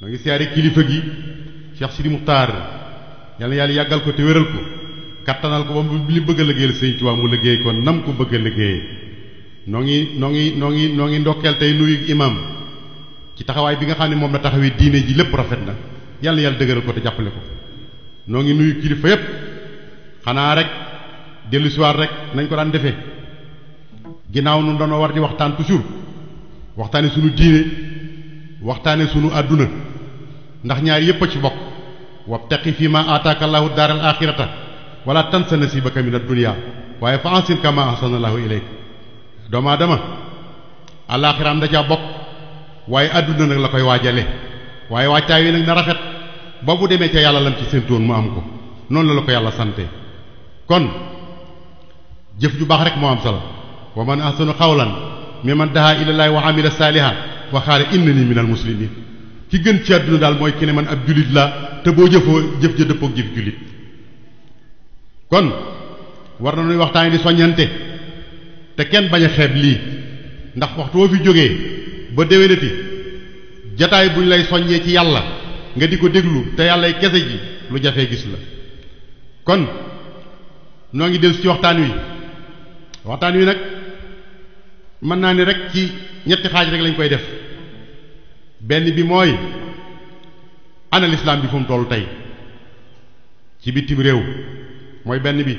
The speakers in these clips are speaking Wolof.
noo ngi siari kilifa gi Cheikh Sidi muhtar yalla yalla yagal ko te weral ko katanal ko bam li beug liggeel seigne touba mu ko nam ko beug liggeey nongi nongi nongi noo ndokel tay nuyu imam ci taxaway bi nga xamni mom la taxawé diiné ji lepp rafet na yalla yalla dëgëral ko te jappalé ko noo nuyu kilifa yépp xana rek dellu siwaar rek nañ ko daan defé ginaaw nu ndono war di waxtaan toujours suñu diiné waxtane sunu aduna ndax ñaar yépp a ci bokk wabtaqi fi ma allah dar al akhirata wala tansa nasibaka min ad dunya waya fa ansin kama ahsana allah ilayk dama al akhiram da caa bok waaye aduna nak la koy wajale waaye waajtaay wi nak na rafet ba bu deme ca yàlla lam ci sentone mu am ko non la la ko yàlla sante kon jëf ju bax rek mo am solo wa man ahsanu xawlan mimman daha ila allah wa amila salihan waxaale innani minal muslimin ki gën ci àdduna daal mooy ki man ab jullit la te boo jëfoo jëf ja dëppook jëf jullit kon war na nuy waxtaan di soññante te kenn bañ a xeeb lii ndax waxtu woo fi jógee ba déwénati jataay buñ lay soññee ci yàlla nga di ko déglu te yàllay kese ji lu jafee gis la kon noo ngi dellu ci waxtaan wi waxtaan wi nag mën naa ni rek ci ñetti xaaj rek lañ koy def benn bi mooy ana lislaam bi fu mu tey ci bitim réew mooy benn bi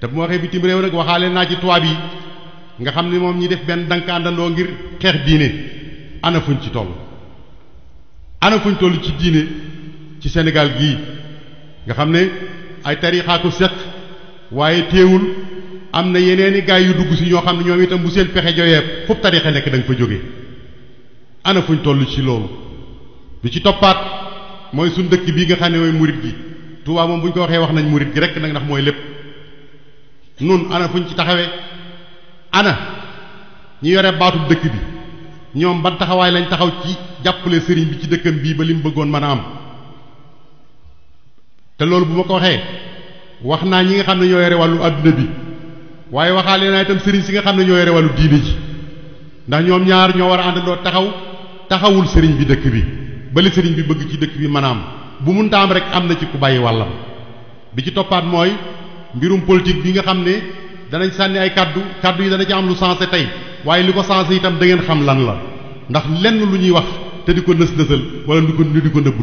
te bu ma waxee bitim réew nag waxaale naa ci tubaab yi nga xam ni moom ñi def benn dank àndandoo ngir xeex diine ana fuñ ci toll ana fuñ toll ci diine ci Sénégal gii nga xam ne ay tariixaa ko waaye téewul am na yeneeni i gaay yu dugg si ñoo xam ne ñoom itam bu seen pexe jooyee foofu tarixa nekk da nga fa jóge ana fuñ toll ci loolu bi ci toppaat mooy suñ dëkk bii nga xam ne mooy murit gi Tuubaa moom bu ñu ko waxee wax nañ murit gi rek nag ndax mooy lépp nun ana fuñ ci taxawee ana ñu yore baatub dëkk bi ñoom ban taxawaay lañ taxaw ci jàppale sëriñ bi ci dëkkam bii ba li bëggoon mën a am te loolu bu ma ko waxee wax naa ñi nga xam ne ñoo yore wàllu bi waaye waxaale naa itam sëriñ si nga xam ne ñoo yore wàllu diine ji ndax ñoom ñaar ñoo war a àndandoo taxaw taxawul sëriñ bi dëkk bi bali sëriñ bi bëgg ci dëkk bi maanaam bu munta am rek am na ci ku bàyyi wàllam bi ci toppaat mooy mbirum politique bi nga xam ne danañ sànni ay kàddu kàddu yi dana ci am lu sensé tey waaye li ko sensé itam da ngeen xam lan la ndax lenn lu ñuy wax te di ko nës nësal wala lu ko di ko nëbbu du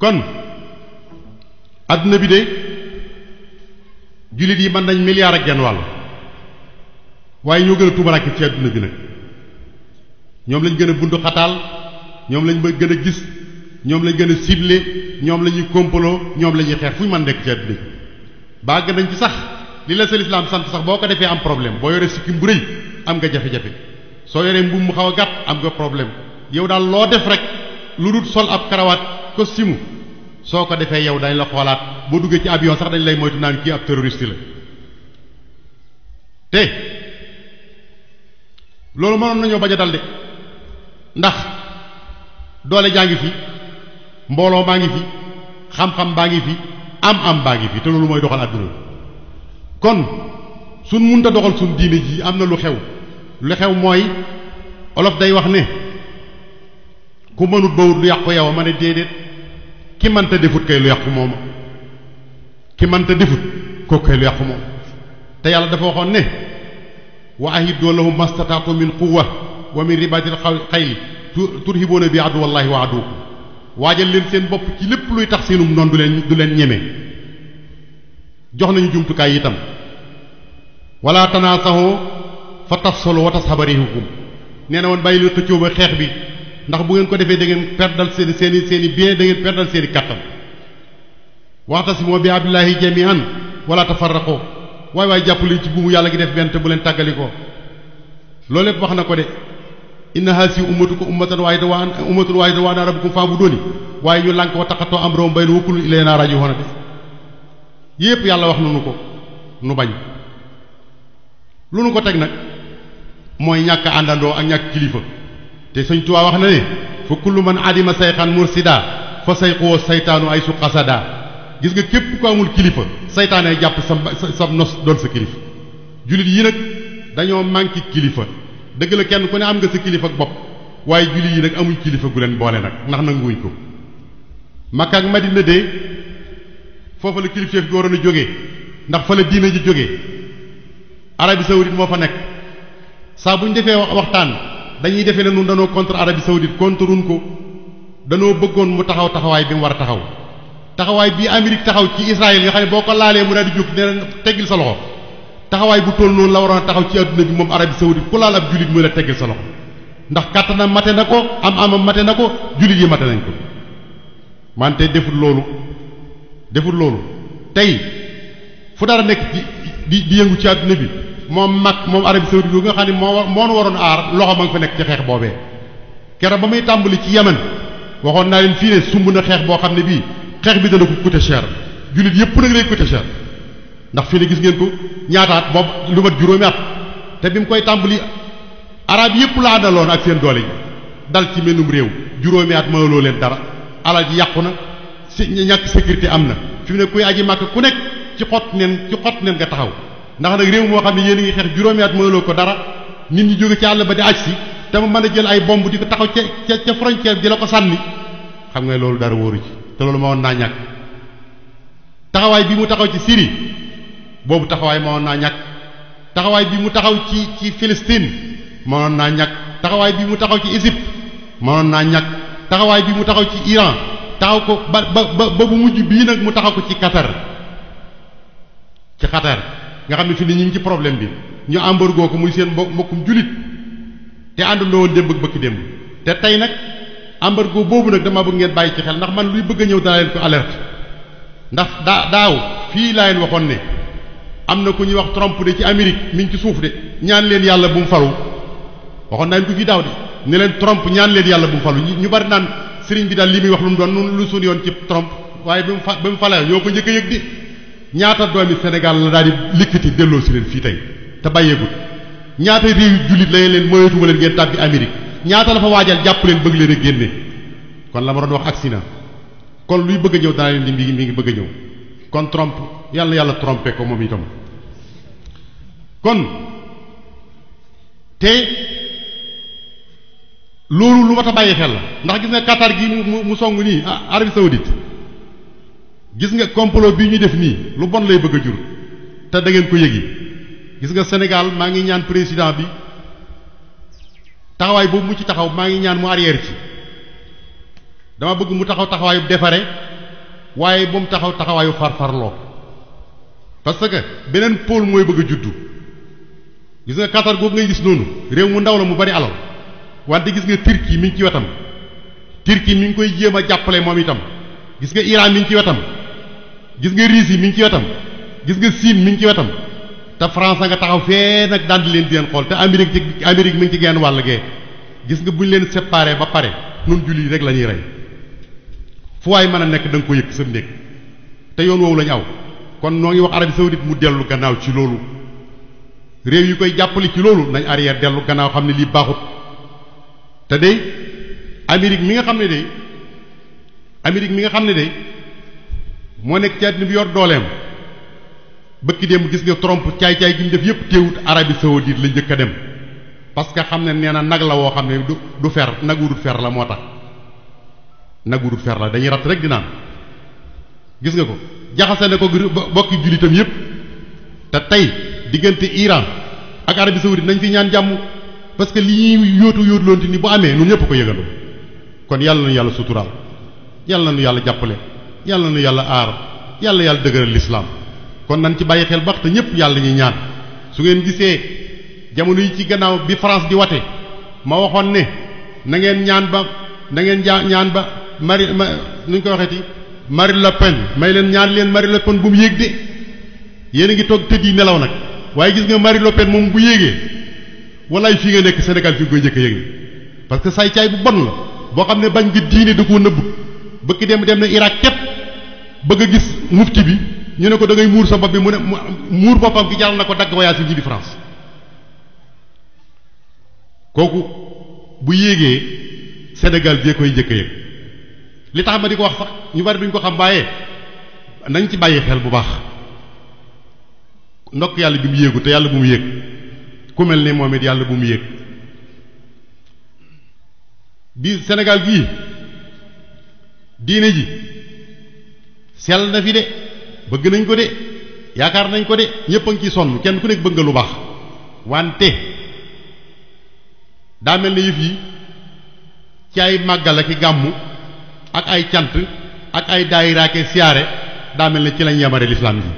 kon adduna bi de jullit yi mën nañ milliard ak genn wàll waaye ñoo gën a tuumaraakit ci àdduna bi nag ñoom lañ gën a bundu xataal ñoom lañ gën a gis ñoom lañ gën a ciblé ñoom la ñuy complot ñoom la ñuy xeex fu ñu mën nekk ci àdduna bi bàgg nañ ci sax li la sa lislaam sant sax boo ko defee am problème boo yore sikkim bu rëy am nga jafe-jafe soo yoree mbubb mu xaw a gàtt am nga problème yow daal loo def rek lu dul sol ab karawaat costume soo ko defee yow dañ la xoolaat boo duggee ci avion sax dañ lay moytu naan kii ab terroriste la te loolu mënoon nañoo bañ a dal ndax doole jaa ngi fi mbooloo maa ngi fi xam-xam baa ngi fi am-am baa ngi fi te loolu mooy doxal àdduna kon suñ munta doxal suñ diine ji am na lu xew lu xew mooy olof day wax ne ku mënut bawut lu yàq ko yow ma ne déedéet ki man ta defut kay lu yaq mooma ki man ta defut ko kay lu yaq mom te yàlla dafa waxoon ne wa ahidu lahum mastata'tu min quwwa wa min ribatil khayl turhibuna bi adu wallahi wa adu wajal len sen bop ci lépp luy tax senum non du len du len ñeme jox nañu jumtu kay itam wala tanasahu fa tafsalu wa tasabarihukum neena won bayilu woon ba xex bi ndax bu ngeen ko defee da ngeen perdal seen seen seeni bien da ngeen perdal seeni kàttan waxtasimu bi hablillaahi jamian wala tafarraqu waay waay jàpp leen ci buumu yàlla gi def bent bu leen tàggalikoo loolu lépp wax na ko de inna haasi ummatukum ummatan waahidatan wa ana ummatun waahidatan wa ana rabbukum fa'buduni waaye ñu lànk wa taqattoo amruhum baynahum wa kullun ilaynaa raaji'uun de yépp yàlla wax nanu ko nu bañ lu nu ko teg nag mooy ñàkk àndandoo ak ñàkk kilifa te sëñ Tuubaa wax na ne fa kullu man adima sayxan mursida fa sayxuwa saytaanu ay su gis nga képp ko amul kilifa saytaan ay jàpp sa sa nos doon sa kilifa jullit yi nag dañoo manqué kilifa dëgg la kenn ku ne am nga sa kilifa ak bopp waaye jullit yi nag amuñ kilifa gu leen boole nag ndax nanguwuñ ko Makka ak Madina de foofa la kilifteef gi waroon a jógee ndax fa la diina ji jógee Arabie saoudite moo fa nekk saa bu ñu defee waxtaan dañuy defee ne nun danoo contre Arabie saoudite contre run ko danoo bëggoon mu taxaw taxawaay bi mu war a taxaw taxawaay bii Amérique taxaw ci Israël nga xam ne boo ko laalee mu daal di jóg nee na teggil sa loxo taxawaay bu toll noonu la waroon a taxaw ci adduna bi moom Arabie saoudite ku laal ab jullit mu la teggil sa loxo ndax na mate na ko am amam mate na ko jullit yi mate nañ ko mante deful loolu deful loolu tey fu dara nekk di di yëngu ci adduna bi moom mag moom Arabie saoudite bi nga xam ne moo moo waroon aar loxo ma nga fa nekk ci xeex boobee kero ba muy tàmbali ci yeman waxoon naa leen fii ne sumb na xeex boo xam ne bii xeex bi dana ko coûter cher jullit yëpp nag lay coûter cher ndax fii ne gis ngeen ko ñaataat boobu lu mat juróomi at te bi mu koy tàmbali arab yëpp laa daloon ak seen doole yi dal ci menum réew juróomi at mënaloo leen dara alal ji yàqu na si ñàkk sécurité am na fi mu ne kuy aji ku nekk ci xott neen ci neen nga taxaw ndax nag réew moo xam ne yéen a ngi xeex juróomi at mënuloo ko dara nit ñi jóge ci àll ba di aj si te mu mën a jël ay bomb di ko taxaw ca ca ca frontière di la ko sànni xam nga loolu dara wóoru ci te loolu ma woon naa ñàkk taxawaay bi mu taxaw ci Syrie boobu taxawaay ma woon naa ñàkk taxawaay bi mu taxaw ci ci Palestine ma woon naa ñàkk taxawaay bi mu taxaw ci Égypte ma woon naa ñàkk taxawaay bii mu taxaw ci Iran taxaw ko ba ba ba bu mujj bii nag mu taxaw ko ci Qatar ci Qatar nga xamni fi ni ñi ci problème bi ñu ambar goko muy seen mbokum julit té àndandoo woon démb ak bëkk té te nak ambar go bobu nak dama bëgg ngeen bayyi ci xel ndax man luy bëgg ñew ñëw leen ko alerte ndax daaw fi la leen waxon ne amna ku ñuy wax Trump de ci amerique mi ngi ci suuf de ñaan leen yalla bu mu faru waxon nañ ko fi daaw de ne leen Trump ñaan leen yalla bu mu faru ñu bari naan serigne bi daal limi wax lu mu doon lu suñu yoon ci Trump waye bu mu fa bu mu la yo ko yëk di ñaata doomi senegal la daal di likkati delloo si leen fii tey te bàyyeegut ñaata réew jullit lañ leen moyatuma leen ngeen tàbbi Amérique ñaata la fa waajal jàpp leen bëgg leen a kon la ma doon wax kon luy bëgg a ñëw daa leen mi ngi bëgg a kon Trump yàlla yàlla trompe ko moom itam kon te loolu lu mat a bàyyi xel la ndax gis nga Qatar gi mu mu song nii ah Saoudite gis nga complot bi ñu def ni lu bon lay bëgg jur te da ngeen ko yëgi gis nga Sénégal maa ngi ñaan président bi taxaway bu mu ci taxaw maa ngi ñaan mu arrière ci dama bëgg mu taxaw taxawayu defare waaye bu mu taxaw taxawaayu farfarloo parce que beneen pôle mooy bëgg juddu gis nga Qatar googu ngay gis noonu réew mu ndaw la mu bari alal wante gis nga turki mi ngi ci wetam turki mi ngi koy jéem a jàppale gis nga Iran mi ngi ci wetam gis nga riis yi mi ngi ci wetam gis nga siin mi ngi ci wetam te France nga taxaw fee nag daan di leen di leen xool te Amérique ci Amérique mi ngi ci genn wàll gee gis nga bu ñu leen séparé ba pare nun julli rek la ñuy rey fu waay mën a nekk da nga ko yëkk sam néeg te yoon woowu lañu aw kon noo ngi wax Arabie saoudite mu dellu gannaaw ci loolu réew yi koy jàppale ci loolu nañ arrière dellu gannaaw xam ne lii baaxut te day Amérique mi nga xam ne day Amérique mi nga xam ne day mo nek ci àddina bi yor dolem bëkki dem gis nga Trump caay-caay gi def yépp téwut Arabie saoudite la njëkk dem parce que xamne néna nag la wo xamne du du fer nag fer la motax fer la dañuy rat rek dina gis nga ko jaxase na ko bokki julitam yépp ta tay digënté Iran ak Arabie saoudite nañ fi ñaan jamm parce que li ñuy yóotu lonti ni bu amé ñun ñëpp ko yëgalu kon yalla ñu yalla sutural yalla ñu yalla jappalé yalla nu yalla aar yalla yalla dëgëral l'islam kon nanti ci baye xel bax te ñepp yalla ñi ñaan su ngeen gisee jamono yi ci gannaaw bi France di waté ma waxon ne na ngeen ñaan ba na ngeen ñaan ba Marie ma nu ko waxeeti Marie Le Pen may leen ñaan leen Marie Le Pen bu mu yegg de yéen a ngi toog tëdd yi nelaw nak waye gis nga Marie Le Pen mom bu yegge walaay fi nga nek senegal fi nga jëk yegg parce que say bu bon la bo xamne ne bañ gi diine du ko neub bëkk dem dem na Irak kep bëgg a gis mufti bi ñu ne ko da ngay muur sa bopp bi mu ne muur boppam gi jàll na ko dagg voyage yi ji bi France kooku bu yéegee senegal gee koy njëkk yëg li tax ma di ko wax sax ñu bari duñ ko xam waaye nañ ci bàyyi xel bu baax ndokk yàlla bi mu yéegu te yàlla bu mu yéeg ku mel ni moom it yàlla bu mu yéeg bi Sénégal gii diine ji sell na fi de bëgg nañ ko de yaakaar nañ ko de ñëpp a ngi ciy sonn kenn ku nekk bëgg nga lu baax wante daa mel ne yëf yi ci ay màggal ak i gàmmu ak ay cant ak ay daayiraake siyaare daa mel ne ci lañ yemare lislaam ji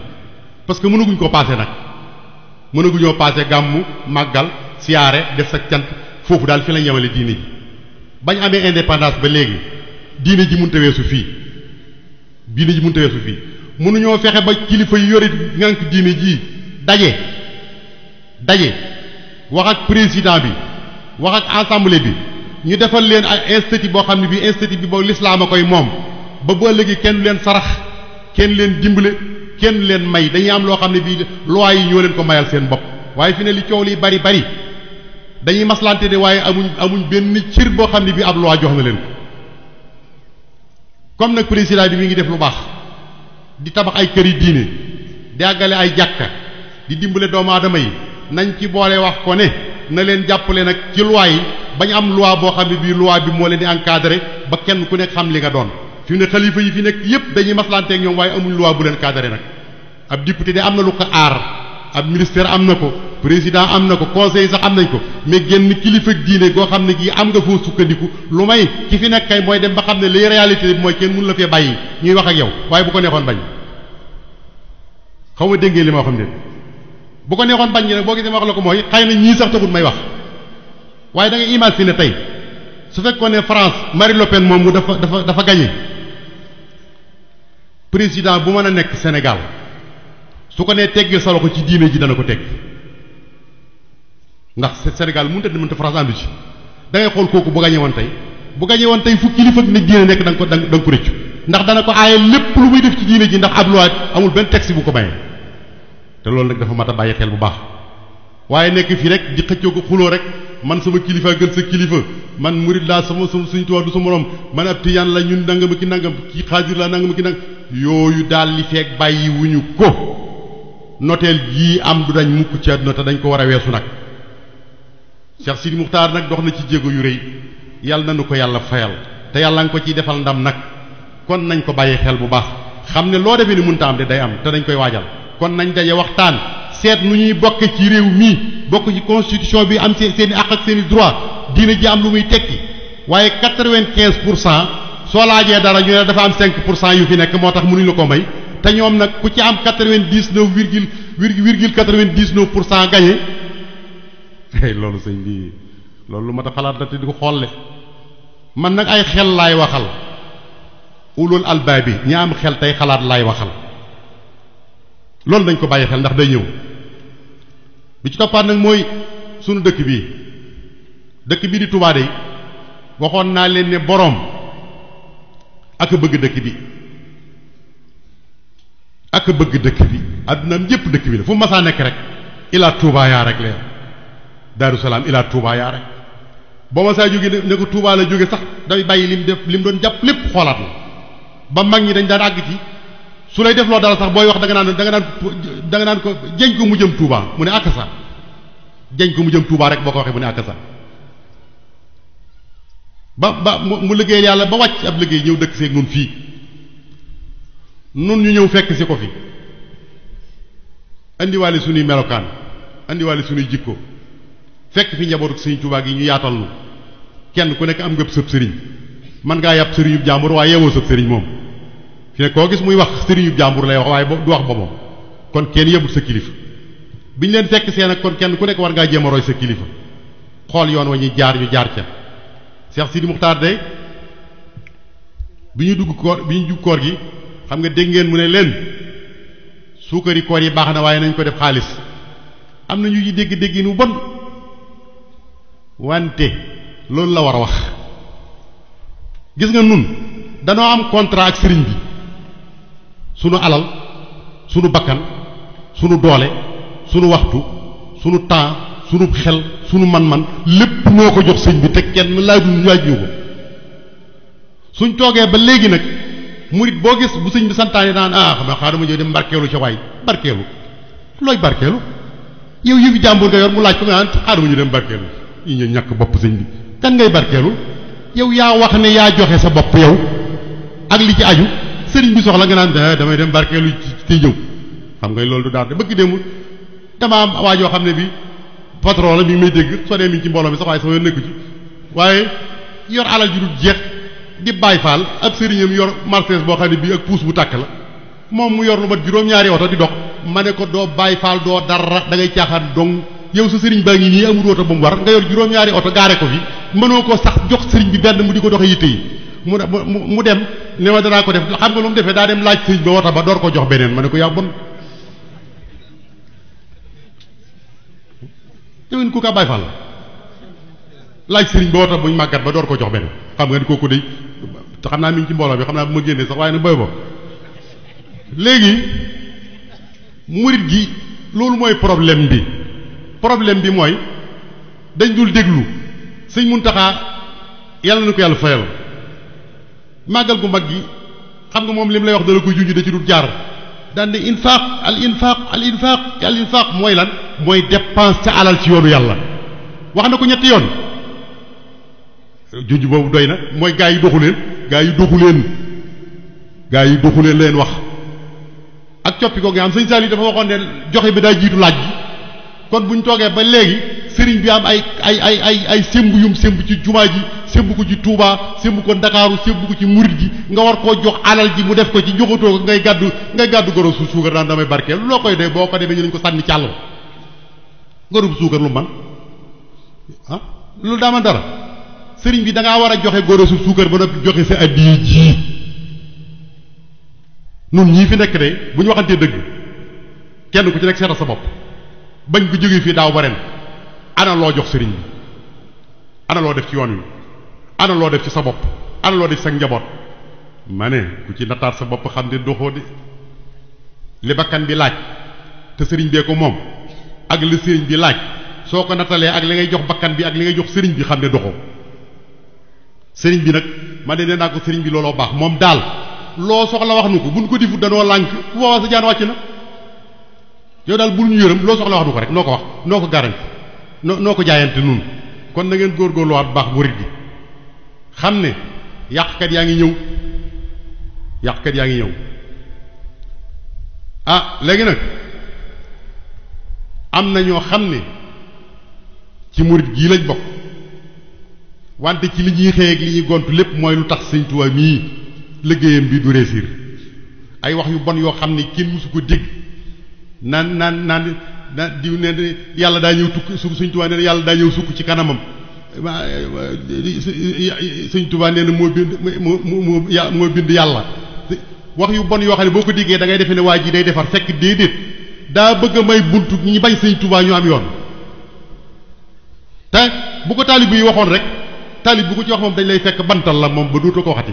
parce que mënaguñ ko paase nag mënaguñoo paase gàmmu màggal siyaare def sa cant foofu daal fi lañ yemale diine ji bañ amee indépendance ba léegi diine ji mënut a weesu fii bii ji mënut a weesu fii mënuñoo fexe ba kilifa yi yore ngànk diine jii daje daje wax ak président bi wax ak assemblée bi ñu defal leen ay institut boo xam ne bii institut bi boo lislaam a koy moom ba bu ëllëgee kenn leen sarax kenn leen dimbale kenn leen may dañuy am loo xam ne bii loi yi ñoo leen ko mayal seen bopp waaye fi ne li coow li bari bari dañuy maslante ne waaye amuñ amuñ benn cir boo xam ne bi ab loi jox na leen comme nag président bi mi ngi def lu baax di tabax ay kër yi diine di àggale ay jàkka di dimbale doomu aadama yi nañ ci boole wax ko ne na leen jàppale nag ci loi yi bañ am loi boo xam ne bii loi bi moo leen di encadré ba kenn ku nekk xam li nga doon fi ne xalifa yi fi nekk yépp dañuy maslante ak ñoom waaye amuñ loi bu leen cadré nag ab député de am na lu ko aar ab ministère amna ko président amna ko conseil sax am ko mais génn kilifa diine go xamné gi am nga fo sukkandiku lu may ki fi nek kay moy dem ba xamné li réalité moy mooy kenn mënu la fee bàyyi ñuy wax ak yow way bu ko neexon bañ xaw déngé li ma xam ne bu ko neexon bañ nak bo gisee ma wax la ko mooy xëy na sax taxul may wax waaye da nga imaginer tay su fekkoon ne France Marine Le Pen moom mu dafa dafa dafa gagné président bu mëna nek Sénégal. su ko nee teggi solo ko ci diine ji dana ko tegg ndax Sénégal mënta mënta France àndu ci da ngay xol koku bu gañe woon tey bu gañe tay fu kilifa ne diine nek dang ko dang ko reccu ndax dana ko ayé lepp lu muy def ci diine ji ndax abdou loi amul ben texte bu ko baye te loolu nak dafa mata baye xel bu baax waye nek fi rek di xëccoo ko xuloo rek man sama kilifa gën sa kilifa man mourid la sama sama suñu tuwa du sama rom man ab tiyaan la ñun nangam ki nangam ki khadir la nangam ki nang yoyu dal li fek bayyi wuñu ko noteel yii am du dañ mukk ci àdduna te dañ ko war a weesu nag Cheikh Sidi Muxtaar nag dox na ci jéego yu rëy yàlla na ko yàlla fayal te yàlla nga ko ciy defal ndam nag kon nañ ko bàyyi xel bu baax xam ne loo demee ni mënta am de day am te dañ koy waajal kon nañ daje waxtaan seet mu ñuy bokk ci réew mii bokk ci constitution bi am seen seen i àq i droit diina ji am lu muy tekki waaye quatre-vingt-quinze pour cent soo laajee dara ñu ne dafa am cinq pour cent yu fi nekk moo tax mënuñu ko may te ñoom nag ku ci am quatre-vingt-dix-neuf virgule virgule quatre vingt dix pour cent gagné loolu sëñ bi loolu lu mat a xalaat la te di ko xolle man nag ay xel laay waxal ulul albaab bi ñi am xel tey xalaat laay waxal loolu dañ ko bàyyi xel ndax day ñëw bi ci toppaat nag mooy sunu dëkk bii dëkk bi di Touba yi waxoon naa leen ne boroom ak bëgg dëkk bi ak bëgg dëkk bi addunaam yépp dëkk bi la fu masaa nekk rek ilaa Touba rek leer Daaru Salaam ilaa Touba rek boo masaa jógee ne ko Touba la jóge sax day bàyyi lim def mu doon jàpp lépp xoolaat la ba mag ñi dañ daan àgg ci su lay def loo dara sax booy wax danga nga naan danga nga naan da ko jeñ ko mu jëm Touba mu ne akasa jeñ ko mu jëm Touba rek boo ko waxee mu ne akasa ba ba mu liggéey yàlla ba wàcc ab liggéey ñëw dëkk seeg noonu fii nun ñu ñëw fekk si ko fi indiwaale suñuy melokaan indiwaale suñuy jikko fekk fi njabootu sëriñ Tuubaa gi ñu yaatal kenn ku nekk am nga sëb sëriñ man ngaa yàpp sëriñub jàmbur waaye yeewoo sëb sëriñ moom fi ne koo gis muy wax sëriñub jàmbur lay wax waaye du wax boppam kon kenn yëbul sa kilifa bi ñu leen fekk see nag kon kenn ku nekk war ngaa jéem a roy sa kilifa xool yoon wa ñuy jaar ñu jaar ca Cheikh Sidi Muxtaar de bi ñu dugg koor bi ñu dugg koor xam nga dégg ngeen mu ne leen suukari koor yi baax na waaye nañ ko def xaalis am na ñu ci dégg dégg nu bon wante loolu la war wax gis nga nun danoo am contrat ak sëriñ bi sunu alal sunu bakkan sunu doole sunu waxtu sunu temps sunu xel sunu man-man lépp noo ko jox sëñ bi te kenn laaj ñu ñu ko suñ toogee ba léegi nag murid bo gis bu sëñ bi santane nan ah xama nga xaaral ma dem barkelu ci way barkelu loy barkelu yow yëfi jàmbur ga yor mu laaj ko nan naan ñu dem barkelu yi ñu ñak bop sëñ bi kan ngay barkelu yow ya wax ne ya joxe sa bop yow ak li ci aju sëriñ bi soxla nga da ah, damay dem barkelu ci ñëw xam ngay lolou du daal de bëgg demul dama am waa joo bi patron la mi may deg so dee ci mbolo bi sa way sa way nekku ci waye yor alal ju du jeex di bai fal ab sëriñam yor martes bo xam bi ak puus bu tak la mom mu yor lu mat juroom ñaari auto di dox mané ko do dara da ngay tiaxat dong yow sa sëriñ baa ngi nii amul oto ba mu war nga yor juroom ñaari auto garé ko fi mëno ko sax jox sëriñ bi benn mu diko doxé doxe mu mu dem ne ma dara ko def xam nga lu mu defé da dem laaj sëriñ bi oto ba dor ko jox benen mané ko bon yowin ku ka Baay laaj sëriñ bi oto buñ magat ba dor ko jox benen xam nga ko ko te xam naa mi ci mbooloo bi xam naa bu ma génnee sax waaye na boy bo léegi murit gi loolu mooy problème bi problème bi mooy dañ dul déglu sëñ Muntaxa yàlla na ko yàlla fayal màggal gu mag gi xam nga moom li mu lay wax dala koy junj da ci dul jaar daan ne infaq al infaq al infaq mooy lan mooy dépense ca alal ci yoonu yàlla wax na ko ñetti yoon junj boobu doy na mooy gaa yi doxu leen gaa yi doxu leen gaa yi doxu leen leen wax ak coppi ko nga seigne sëñ dafa waxone ne joxe bi da jitu laaj kon buñ toge ba legi sëriñ bi am ay ay ay ay ay sembu yum sembu ci jumaa ji sémb ko ci Touba sembu ko dakaru sembu ko ci mourid ji nga war ko jox alal ji mu def ko ci joxoto ngay gaddu ngay gaddu goro su sugar daan damay barke lo koy de boko de ñu ko sanni cialo ngorub sugar lu man ha ah, lu dama dara sëriñ bi da war a joxe góor su suukar ba noppi joxe sa addiya ji nun ñii fi nekk de bu ñu waxantee dëgg kenn ku ci nekk seetal sa bopp bañ ko jógee fii daaw ba ren jox sëriñ bi ana def ci yoon wi ana def ci sa bopp ana loo def ci sa njaboot ma ne ku ci nataar sa bopp xam ne doxoo de li bakkan bi laaj te sëriñ bee ko moom ak li sëriñ bi laaj soo ko nattalee ak li ngay jox bakkan bi ak li ngay jox sëriñ bi xam ne doxoo sëriñ bi nag ma de nee naa ko sëriñ bi looloo baax moom daal loo soxla wax nu ko buñ ko difut danoo lànk bu boobaa sa jaan wàcc na yow daal bul ñu yërëm loo soxla wax nu ko rek noo ko wax noo ko garanti noo noo ko jaayante nun kon na ngeen góorgóorluwaat baax murit gi xam ne yàqkat yaa ngi ñëw yàqkat yaa ngi ñëw ah léegi nag am na ñoo xam ne ci murit gii lañ bokk wante ci li ñuy xëy ak li ñuy gontu lépp mooy lu tax sëñ Tuubaa mii liggéeyam bi du réussir ay wax yu bon yoo xam ne kenn su ko dégg naan naan naan na diw ne yàlla daa ñëw su sëñ Tuubaa nee yàlla daa ñëw sukk ci kanamam sëñ Tuubaa nee na moo bind moo moo moo bind yàlla wax yu bon yoo xam ne boo ko déggee da ngay defee ne waa ji day defar fekk déedéet daa bëgga a may buntu ñu bañ sëñ Tuubaa ñu am yoon te bu ko taalibe yi waxoon rek talib bu ko ci wax mom dañ lay fekk bantal la mom ba duutoo ko waxati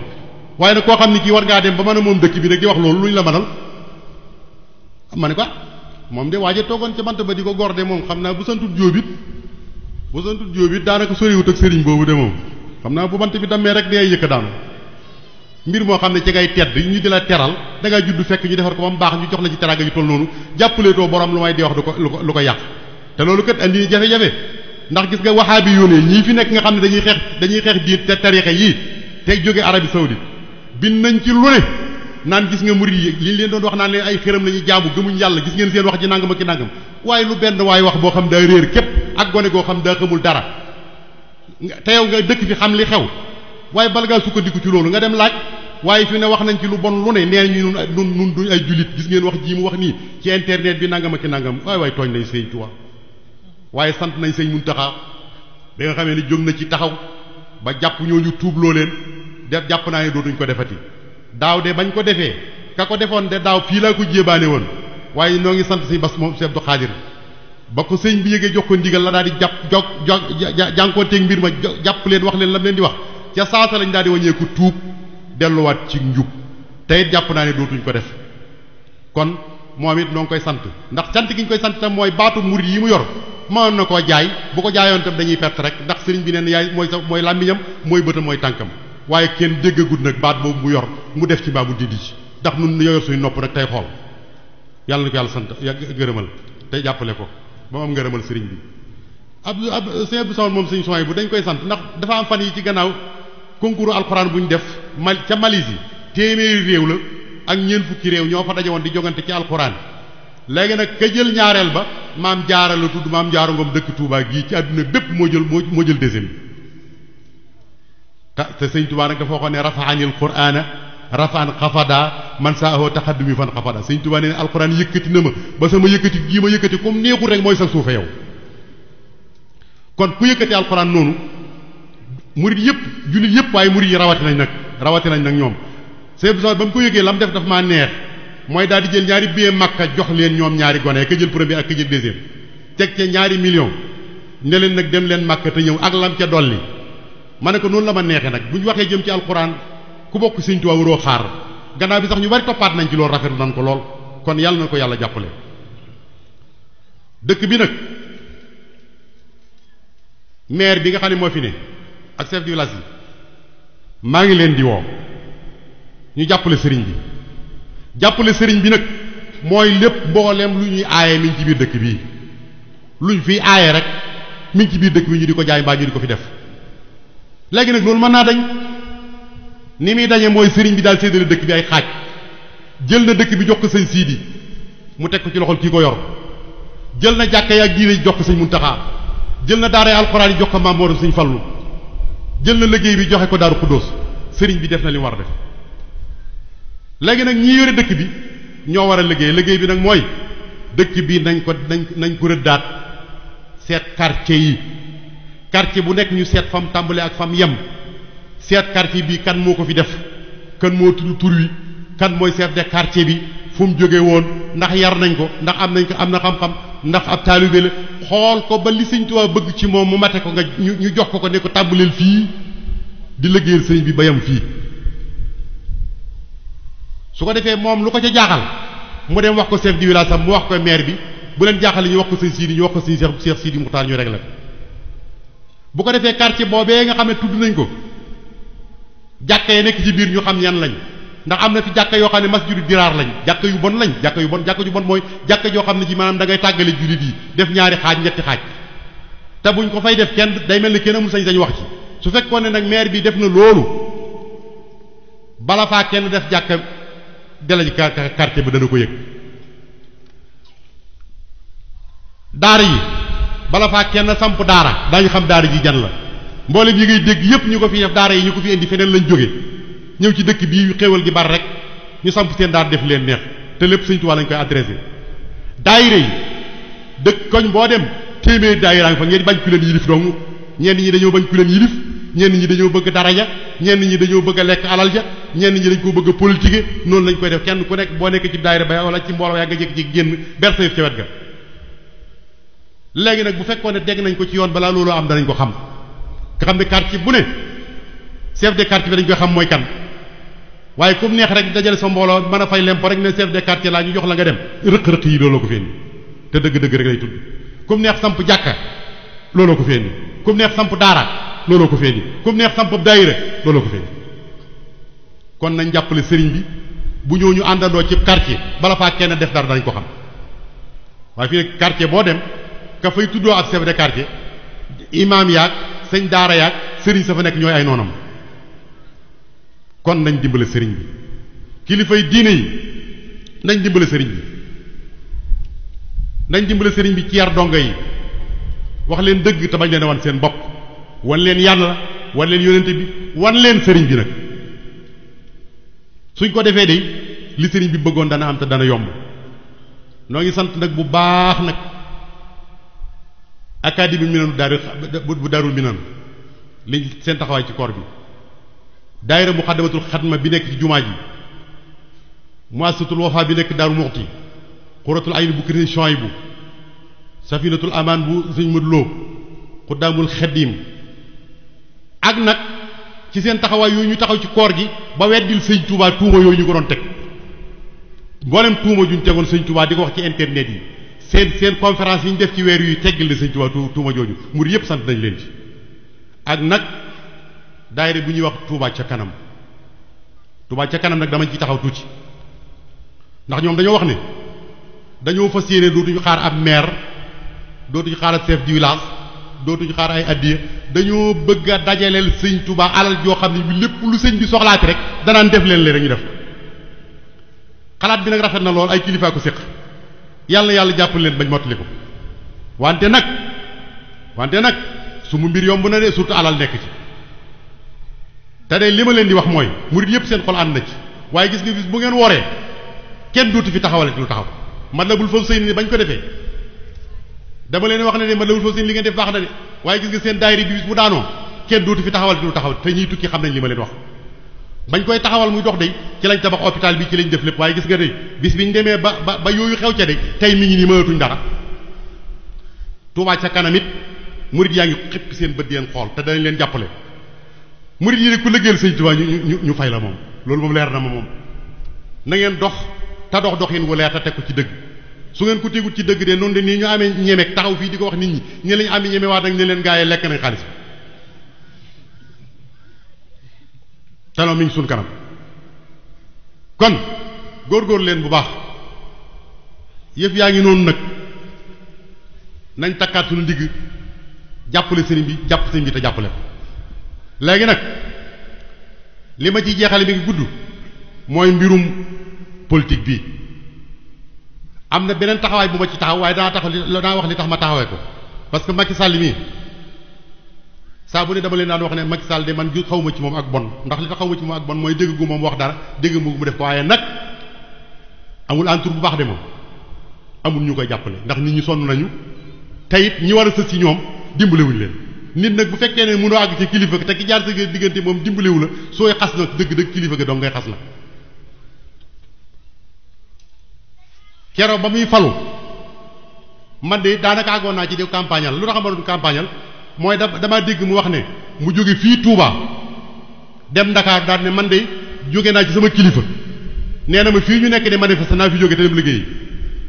waye nak ko xamni ki war nga dem ba man mom dekk bi rek di wax loolu luñ la manal am ma ko mom de waje togon ci bant ba di ko gor de mom xamna bu santul jóobit bu da naka sori wut ak sëriñ bobu de mom xamna bu bant bi dammee rek day yëkk daanu mbir mo xam ci ngay tedd ñu dila teral da nga judd fekk ñu defar ko ba baax ñu jox la ci teraga yu toll nonu jappale borom lu may di wax lu ko te kat andi jafé jafé ndax gis nga wahabi yone ñi fi nek nga xamne dañuy xex dañuy xex di te tariixa yi te jóge Arabie Saoudite bin nañ ci lune nan gis nga mouride yi li leen doon wax nan leen ay xeram lañu ñuy jaamu gëmuñ yàlla gis ngeen seen wax ji nangam ak nangam way lu benn way wax bo xam da réer kep ak gone go xam da xamul dara te yow nga dëkk fi xam li xew way balgal suko sukkandiku ci lolu nga dem laaj waaye fi ne wax nañ ci lu bon lu ne nee ñu nun nun duñ ay julit gis ngeen wax ji mu wax ni ci internet bi nangam ak nangam way way tooñ lay Sëriñ Tuubaa waaye sant nañ sëñ Muntaxa bi nga xamee ni jóg na ci taxaw ba jàpp ñu ñooñu tuubloo leen de jàpp naa ne dootuñ ko defati daaw de bañ ko defee ka ko defoon de daaw fii laa ko jéebaane woon waaye noo ngi sant si bas moom Cheikh Abdou Khadir ba ko sëñ bi yëgee jox ko ndigal la daal di jàpp jog jog jànkoonteeg mbir ma jàpp leen wax leen lam leen di wax ca saasa lañ daal di wàññeeku tuub delluwaat cig njub tey jàpp naa ne dootuñ ko def kon moom it noo ngi koy sant ndax sant gi koy sant tam mooy baatu murid yi mu yor mënoon na koo jaay bu ko jaayoon tam dañuy perte rek ndax sëriñ bi neen yaay mooy sa mooy làmmiñam mooy bëtam mooy tànkam waaye kenn déggagut nag baat boobu mu yor mu def ci mbaa mu dindi ci ndax nun yoyor suñu nopp nag tey xool yàlla na ko yàlla sant gërëmal jàppale ko ba mu am ngërëmal sëriñ bi ab ab sëñ Abdou Samad moom sëñ soy bu dañ koy sant ndax dafa am fan yi ci gannaaw concours alxuraan bu ñu def mal ca Malaisie téeméeri réew la ak ñeent fukki réew ñoo fa daje woon di jogante ci alxuraan léegi nag ka jël ñaareel ba maam jaara la tudd maam jaara ngoom dëkk Touba gii ci àdduna bépp moo jël moo moo jël deuxième bi te sëñ Touba nag dafa waxoon ne rafaanil qur'ana rafaan xafadaa man saa ahoo taxaddumi fan xafadaa sëñ Touba nee ne alquran yëkkati na ma ba sama yëkkati gii ma yëkkati comme neexul rek mooy sa a yow kon ku yëkkati alquran noonu murid yëpp jullit yëpp waaye murid yi rawati nañ nag rawati nañ nag ñoom sëñ bi ba mu ko yëgee lam def daf maa mooy daal di jël ñaari billet Makka jox leen ñoom ñaari gone ka jël premier ak ka jël teg ca ñaari million ne leen nag dem leen Makka te ñëw ak lam ca dolli ma ne ko noonu la ma neexee nag bu ñu waxee jëm ci alxuraan ku bokk Sëriñ Tuubaa waroo xaar gannaaw bi sax ñu bari toppaat nañ ci loolu rafetlu nañ ko lool kon yàlla na ko yàlla jàppale dëkk bi nag maire bi nga xam ne moo fi ne ak chef du yi maa ngi leen di woo ñu jàppale sëriñ bi jàppale sëriñ bi nag mooy lépp mbooleem lu ñuy aaye mi ci biir dëkk bii luñ fiy aaye rek mi ngi ci biir dëkk bi ñu di ko jaay mbaa ñu di ko fi def léegi nag loolu mën naa dañ ni muy dañee mooy sëriñ bi daal séddale dëkk bi ay xaaj jël na dëkk bi jox ko sëñ siidi mu teg ko ci loxol kii ko yor jël na jàkka yaa diine jox ko sëñ muntaxaa jël na daara alxuraan yi jox ko maam Mor sëñ fallu jël na liggéey bi joxe ko daaru xuddoos sëriñ bi def na li war a léegi nag ñi yore dëkk bi ñoo war a liggéey liggéey bi nag mooy dëkk bi nañ ko nañ nañ ko rëddaat seet quartier yi quartier bu nekk ñu seet fam tàmbale ak fam yem seet quartier bi kan moo ko fi def kan moo tudd tur wi kan mooy chef de quartier bi fu mu jóge woon ndax yar nañ ko ndax am nañ ko am na xam-xam ndax ab taalibe la xool ko ba li sëñ Tuubaa bëgg ci moom mu mate ko nga ñu ñu jox ko ko ne ko tàmbaleel fii di liggéeyal sëñ bi bayam fii su ko defee moom lu ko ca jaaxal mu dem wax ko chef du village sax mu wax ko maire bi bu leen jaaxale ñu wax ko sëñ Sidi ñu wax ko sëñ Cheikh Cheikh Sidi Moukhtar ñu réglé ko bu ko defee quartier boobee nga xam ne tudd nañ ko jàkka yi nekk ci biir ñu xam ñan lañ ndax am na fi jàkka yoo xam ne masjidu diraar lañ jàkka yu bon lañ jàkka yu bon jàkka yu bon mooy jàkka yoo xam ne ci maanaam da ngay tàggale jullit yi def ñaari xaaj ñetti xaaj te buñ ko fay def kenn day mel ni kenn amul sañ-sañ wax ci su fekkoon ne nag maire bi def na loolu bala faa kenn def jàkka délégué quartier bi dana ko yëg daara yi bala faa kenn samp daara daañu xam daara ji jan la mboolem yi ngay dégg yépp ñu ko fi daara yi ñu ko fi indi feneen lañ jóge ñëw ci dëkk bii xéewal gi bar rek ñu samp seen daara def leen neex te lépp Sëñ Tuubaa lañ koy adressé daayira yi dëkk koñ boo dem téeméeri daayira fa ngeen bañ ku leen yilif dong ñenn ñi dañoo bañ ku leen yilif ñenn ñi dañoo bëgg daraja ñenn ñi dañoo bëgg a alal ja ñenn ñi dañ ko bëgg a politique noonu lañ koy def kenn ku nekk boo nekk ci daayira ba wala ci mbooloo yaa nga jëkk ci génn bersa yëf wet ga léegi nag bu fekkoon ne dégg nañ ko ci yoon balaa loolu am danañ ko xam nga xam ne quartier bu ne chef de quartier bi dañ koy xam mooy kan waaye comme neex rek dajale sa mbooloo mën a fay lempo rek ne chef de quartier laa ñu jox la nga dem rëq-rëq yi looloo ko feen te dëgg-dëgg rek lay tudd comme neex samp jàkka looloo ko feen comme neex samp daara looloo ko fee indi ku neex sampab daayira looloo ko fee kon nañ jàppale sëriñ bi bu ñëw ñu àndandoo ci quartier bala faa kenn def dara dañ ko xam waaye fii nag quartier boo dem ka fay tuddoo ak chef de quartier imaam yaag sëñ daara yaag sëriñ sa fa nekk ñooy ay noonam kon nañ dimbale sëriñ bi kilifay diine yi nañ dimbale sëriñ bi nañ dimbale sëriñ bi ci yar dongo yi wax leen dëgg te bañ leen a wan seen bopp wan leen yàlla wan leen yonente bi wan leen sëriñ bi nag suñ ko defee de li sëriñ bi bëggoon dana am te dana yomb noo ngi sant nag bu baax nag académie minanu daaru bu daarul minan li seen taxawaay ci koor bi bu muxaddamatul xatma bi nekk ci jumaa ji muassatul wafa bi nekk daaru muxti xuratul ayn bu kri chony bu safinatul amaan bu sëñ mët loo xuddaamul xaddiim ak nag ci seen taxawaay yooyu ñu taxaw ci koor gi ba weddil sëñ tuubaa tuuma yooyu ñu ko doon teg mboolem tuuma juñ tegoon sëñ Touba di ko wax ci internet yi seen seen conférence yi ñu def ci weer yuy teggil la sëñ Touba tuuma jooju murid yëpp sant nañ leen ci ak nag daayira bu ñuy wax tuubaa ca kanam Touba ca kanam nag dama ci taxaw tuuti ndax ñoom dañoo wax ne dañoo fas yéene dootuñu xaar ab maire dootuñu xaar ab chef du dootuñu xaar ay addiya dañoo bëgg a dajaleel sëñ Touba alal joo xam ne bi lépp lu sëñ bi soxlaati rek danaan def leen leen rek ñu def xalaat bi nag rafet na lool ay kilifaa ko séq yàlla yàlla jàpp leen bañ mottali ko wante nag wante nag mbir yomb na de surtout alal nekk ci te de li ma leen di wax mooy murid yëpp seen xol ànd na ci waaye gis nga bis bu ngeen wooree kenn dootu fi taxawale lu taxaw man bul fa ni bañ ko defee dama leen wax na de ma lawul foofu seen li ngeen def baax na de waaye gis nga seen daayira bi bis bu daanoo kenn dootu fi taxawal du taxaw te ñuy tukki xam nañ li ma leen wax bañ koy taxawal mu dox de ci lañ tabax hôpital bi ci lañ def lépp waaye gis nga de bis ñu demee ba ba ba yooyu xew ca de tey mi ngi nii mënatuñ dara Tuubaa ca kanam it murid yaa ngi xëpp seen bët yeen xool te danañ leen jàppale murid yi de ku liggéeyal sëñ Tuubaa ñu ñu ñu fay la moom loolu moom leer na ma moom na ngeen dox te dox doxin wu leer te teg ci dëgg su ngeen ko tegut ci dëgg de noonu de nii ñu amee ñemeeg taxaw fii di ko wax nit ñi ñi lañ amee ñemewaat ak ne leen gaa yi lekk nañ xaalis bi taloo mi ngi suñ kanam kon góorgóor leen bu baax yëf yaa ngi noonu nag nañ takkaat suñu ndigg jàppale sëriñ bi jàpp sëriñ bi te jàppale ko léegi nag li ma ciy jeexale bi ngi gudd mooy mbirum politique bi am na beneen taxawaay bu ma ci taxaw waaye danaa taxaw li danaa wax li tax ma taxawee ko parce que Macky Sall mii saabu bu ne dama leen daan wax ne macc Sall de man ju xaw ma ci moom ak bon ndax li tax xaw ma ci moom ak bon mooy dégg gu moom wax dara dégg mu mu def ko waaye nag amul entour bu baax de moom amul ñu koy jàppale ndax nit ñi sonn nañu te it ñi war a sës ci ñoom dimbalewuñu leen nit nag bu fekkee ne mënoo àgg ci kilifa te ki jaar sa diggante moom dimbalewu la sooy xas dëgg-dëgg kilifa ga dong ngay xas keroog ba muy falu man de daanaka àggoon naa ci di campagne lu tax ma campagne moy dama dégg mu wax ne mu jóge fi Touba dem Dakar dal ne man de jóge na ci sama kilifa nee na ma fi ñu nekk di manifester na fi jóge te dem liggéey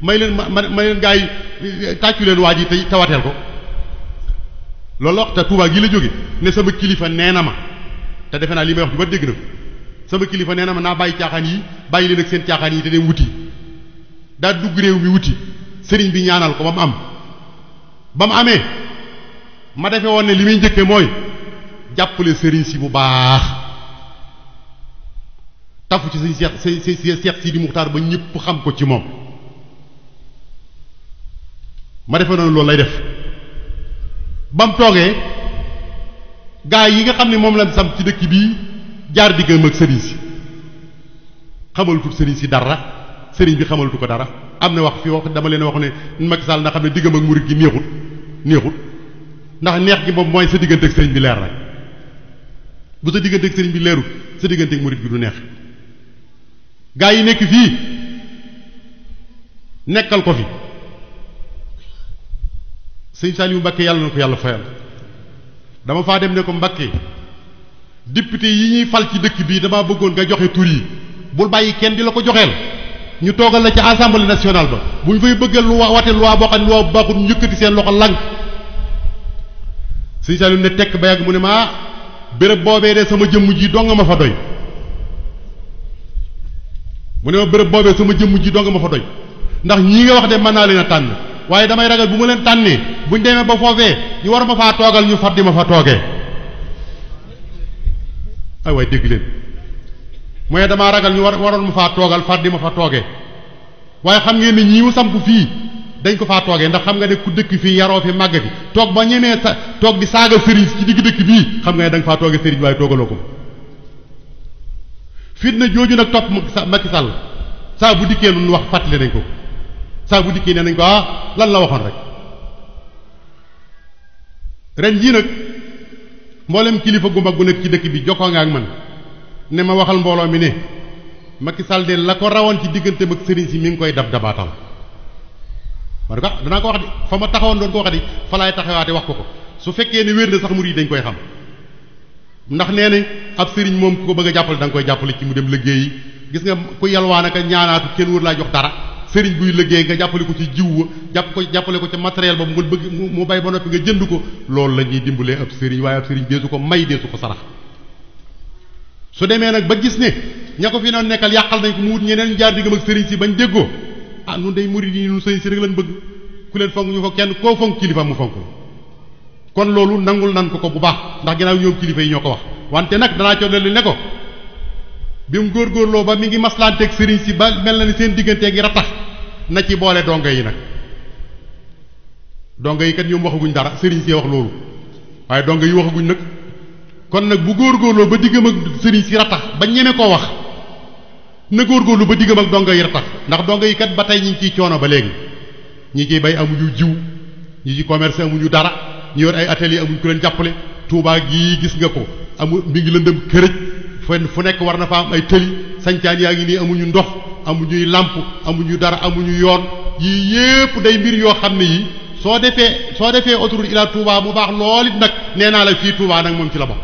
may leen may leen gaay taccu eh, tàccu leen waa ji tey ko lolo wax te Touba gi la jóge ne sama kilifa nee na ma te defe naa wax ba dégg na sama kilifa nee na ma na bayyi caaxaan yi leen ak seen caaxaan yi te dem wuti daa dugg réew mi wuti sëriñ bi ñaanal ko ba mu am ba mu amee ma defe woon ne li muy njëkke mooy jàppale sëriñ si bu baax tafu ci sëñ seex sëñ seex si di muxtaar ba ñëpp xam ko ci moom ma defe noonu loolu lay def ba mu toogee gaa yi nga xam ne moom lañ sam ci dëkk bii jaar diggam ak sëriñ si xamal tut sëriñ si dara sëriñ bi xamalatu ko dara am na wax fi wax dama leen wax ne Macky Sall na xam ne diggam ak murid gi neexut neexut ndax neex gi moom mooy sa diggante ak sëriñ bi leer rek bu sa diggante ak sëriñ bi leerut sa diggante ak murid gi du neex gaa yi nekk fii nekkal ko fi sëñ Saliou Mbacké yàlla na ko yàlla fayal dama faa dem ne ko Mbacké député yi ñuy fal ci dëkk bii dama bëggoon nga joxe tur yi bul bàyyi kenn di la ko joxeel ñu togal la ci assemblée nationale ba bu ñu fay bëggal loi waté loi bo xam ne loi bu ñu yëkëti seen loxo lang sëñ salim ne tek ba yàgg mu ne ma bërepp bobé dé sama jëm ji nga ma fa doy mu ne bërepp bobé sama jëm ji nga ma fa doy ndax ñi nga wax dé man na leena a waye damay ragal bu mu leen tanni buñ demee ba fofé ñu war ma fa togal ñu fa di ma fa togé ay way dégg leen mu ne damaa ragal ñu war waroon ma faa toogal far di ma fa toogee waaye xam ngeen ne ñii samp fii dañ ko faa toogee ndax xam nga ne ku dëkk fii yaroo fi màgg toog ba ñu nee sa toog di saaga sëriñ ci digg dëkk bii xam nga ne da nga faa toogee sëriñ waaye toogaloo ko fitna jooju nag topp Macky Sall saa bu dikkee lu ñu wax fàttali nañ ko saa bu dikkee nee nañ ko ah lan la waxoon rek ren jii nag mboolem kilifa gu mag gu nekk ci dëkk bi jokkoo nga ak man. ne ma waxal mbooloo mi ne Macky Sall de la ko rawoon ci diggante ak sëriñ si mi ngi koy dab dabaatal ma ne ah, danaa ko wax de fa ma taxawoon doon ko wax de fa laay taxawaate wax ko ko su fekkee ne wér na sax murid yi dañ koy xam ndax nee ni ab sëriñ moom ku ko bëgg a jàppale da koy jàppale ci mu dem liggéeyi gis nga ku yalwaan ak ñaanaatu kenn wër laa jox dara sëriñ buy liggéey nga jàppale ko ci jiw wa jàpp ko jàppale ko ci matériel ba mu bëgg mu ba noppi nga jënd ko loolu la ñuy dimbalee ab sëriñ waaye ab sëriñ ko may deesu ko sarax su demee nag ba gis ne ña ko fi noon nekkal yàqal nañ ko mu wut ñeneen jaar diggam ak sëriñ si bañ déggoo ah nu day murid yi nu sëriñ si rek lañ bëgg ku leen fonk ñu kenn koo fonk kilifa mu fonk kon loolu nangul nan ko ko bu baax ndax ginnaaw ñoom kilifa yi ñoo ko wax wante nag danaa coono li ne ko bi mu góorgóorloo ba mi ngi maslaanteeg sëriñ si ba mel na ni seen digganteeg gi ratax na ci boole donga yi nag donga kat ñoom waxaguñ dara sëriñ si wax loolu waaye donga yi waxaguñ nag kon nak bu gorlo ba digam ak serigne si ratax ba ñeme ko wax na gorlo ba digam ak donga ratax ndax donga yi kat batay ñi ci ciono ba ñi ci bay amuñu jiw ñi ci commerce amuñu dara ñi yor ay atelier amuñu ku leen jappalé Touba gi gis nga ko amu mi ngi lëndëm kërëj fenn fu nek war na fa am ay teli santian yaangi ni amuñu ndox amuñu làmp amuñu dara amuñu yoon yi yépp day mbir yo xamni yi so defee so defee autour ila Touba bu baax lolit nak néna la fi Touba nak mom ci la bokk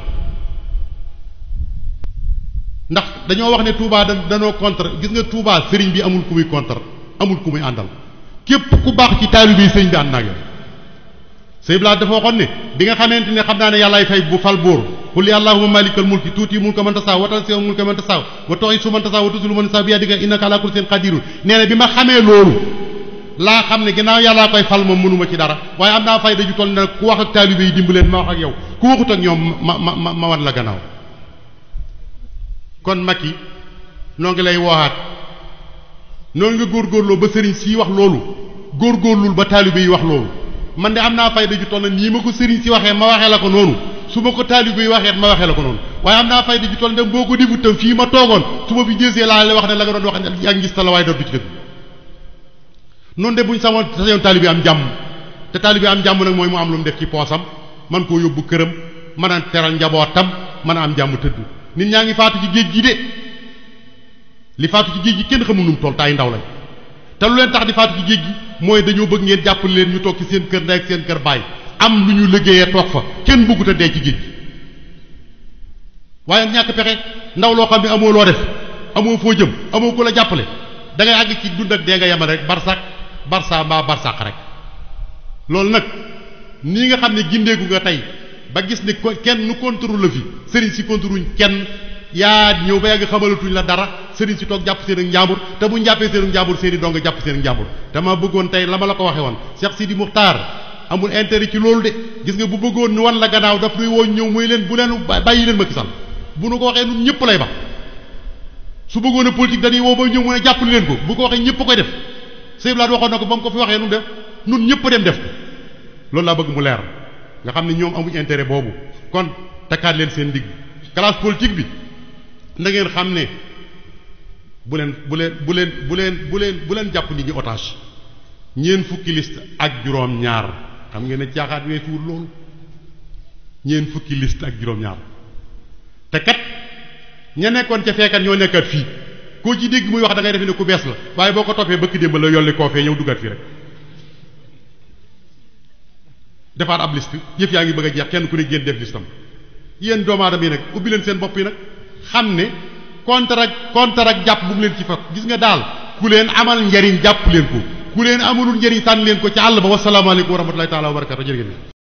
ndax dañoo wax ne Touba da contre gis nga Touba sëriñ bi amul ku muy contre amul ku muy àndal képp ku baax ci taalibe yi sëriñ bi ànd naag yow sëy blaat dafa waxoon ne bi nga xamante ne xam naa ne yàllaay fay bu fal kul ya allahumma malikal mulki tuti mulka man tasaw wa tansiu mulka man tasaw wa su man tasaw wa tuzillu man tasaw bi yadika innaka ala kulli shay'in qadir neena bima bi ma xamee loolu laa xam ne ginnaaw yàllaa koy fal moom mënuma ci dara waaye am naa fayda ju toll na ku wax ak taalibe yi dimbaleen ma wax ak yow ku waxut ak ñoom ma ma ma war la gannaaw kon Macky noo ngi lay woowaat noo ngi góorgóorloo ba sëriñ si wax loolu góor góorgóorlul ba taalibe yi wax loolu man de am naa fayda ju toll nii ma ko sëriñ si waxee ma waxee la ko noonu su ma ko taalibe yi waxee ma waxee la ko noonu waaye am naa fayda ju toll dem boo ko defut tam fii ma toogoon su ma jësee laa la wax ne la nga doon wax yaa ngi gis ta la waaye doon du ci dëgg noonu de buñ samoon sañoon taalibe am jàmm te taalibe am jàmm nag mooy mu am lu mu def ci poosam man koo yóbbu këram mën a teral njabootam mën a am jàmm nit ñangi faatu ci geej gi de li faatu ci geej gi kenn xamul num tol tay ndaw lañ ta lu leen tax di faatu ci geej gi moy dañu bëgg ngeen jàpp leen ñu tok ci seen kër nday ak seen kër bay am lu ñu liggéeyé tok fa kenn bëggu ta dé ci geej gi waye ñak pexé ndaw lo xamni ne amoo loo def amoo fo jëm amoo ko la jappalé da ngay ag ci dund ak dé nga yamal rek barsak barsa ma barsakarek. rek lool nak ni nga xamni gindeeku nga tay ba gis ni kenn nu contrôle la fi sëriñ si contrôluñ kenn yaa ñëw ba yàgg xamalatuñ la dara sëriñ si toog jàpp seen ak njàmbur te buñ jàppee seen ak njàmbur seen i dong jàpp seen ak njàmbur te ma bëggoon tey la ma la ko waxee woon Cheikh Sidi Muxtaar amul intérêt ci loolu de gis nga bu bëggoon wan la gannaaw daf nuy woo ñëw muy leen bu leen bàyyi leen Macky Sall bu nu ko waxee nun ñëpp lay ba su bëggoon a politique dañuy woo ba ñëw mu ne jàppale leen ko bu ko waxee ñëpp koy def sëñ Blanc waxoon na ko ba mu ko waxee nu def nun ñëpp dem def loolu laa bëgg mu leer nga xam ne ñoom amuñ intérêt boobu kon takkaat leen seen digg classe politique bi na xam ne bu leen bu leen bu leen buleen bu leen jàpp nit ñi otage ñeen fukki liste ak juróom-ñaar xam ngeen ne caaxaat weesuwul loolu ñeen fukki liste ak juróom-ñaar te kat ña nekkoon ca feekat ñoo nekkat fii koo ci dégg muy wax da ngay def ne ku bees la waaye boo ko toppee bëkk démb la yolli koo fee ñëw duggaat fii rek defaat ab liste yëf yaa ngi bëgg a jeex kenn ku ne génn def listam yéen doomu aadama yi nag ubbi leen seen bopp yi nag xam ne kontar ak kontar ak jàpp bu mu leen ci fa gis nga daal ku leen amal njariñ jàpp leen ko ku leen amalul njariñ tànn leen ko ci àll ba wasalaamaaleykum wa rahmatulahi taala wa barakatu jërëjëf